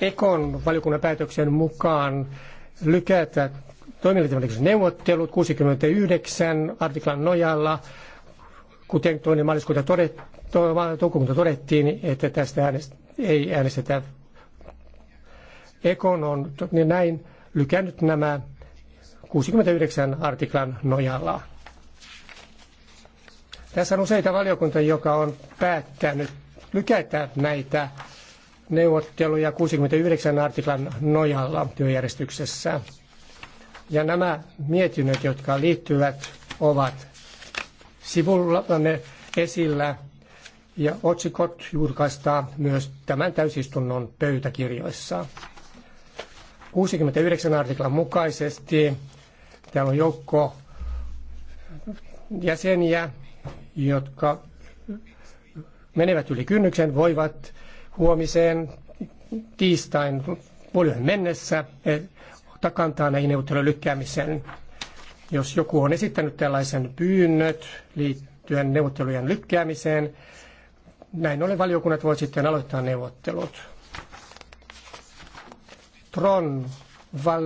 Ekon valiokunnan päätöksen mukaan lykätä toimielintäväliset neuvottelut 69 artiklan nojalla, kuten toinen maaliskuuta toukokuuta todettiin, että tästä äänest, ei äänestetä. Ekon on niin näin lykännyt nämä 69 artiklan nojalla. Tässä on useita valiokuntia, joka on päättänyt lykätä näitä neuvotteluja 69 artiklan nojalla työjärjestyksessä. Ja nämä mietinnöt, jotka liittyvät, ovat sivullanne esillä ja otsikot julkaistaan myös tämän täysistunnon pöytäkirjoissa. 69 artiklan mukaisesti täällä on joukko jäseniä, jotka menevät yli kynnyksen, voivat huomiseen tiistain puolen mennessä e, takantaa näihin neuvottelujen lykkäämiseen. Jos joku on esittänyt tällaisen pyynnöt liittyen neuvottelujen lykkäämiseen, näin ollen valiokunnat voivat sitten aloittaa neuvottelut. Tron val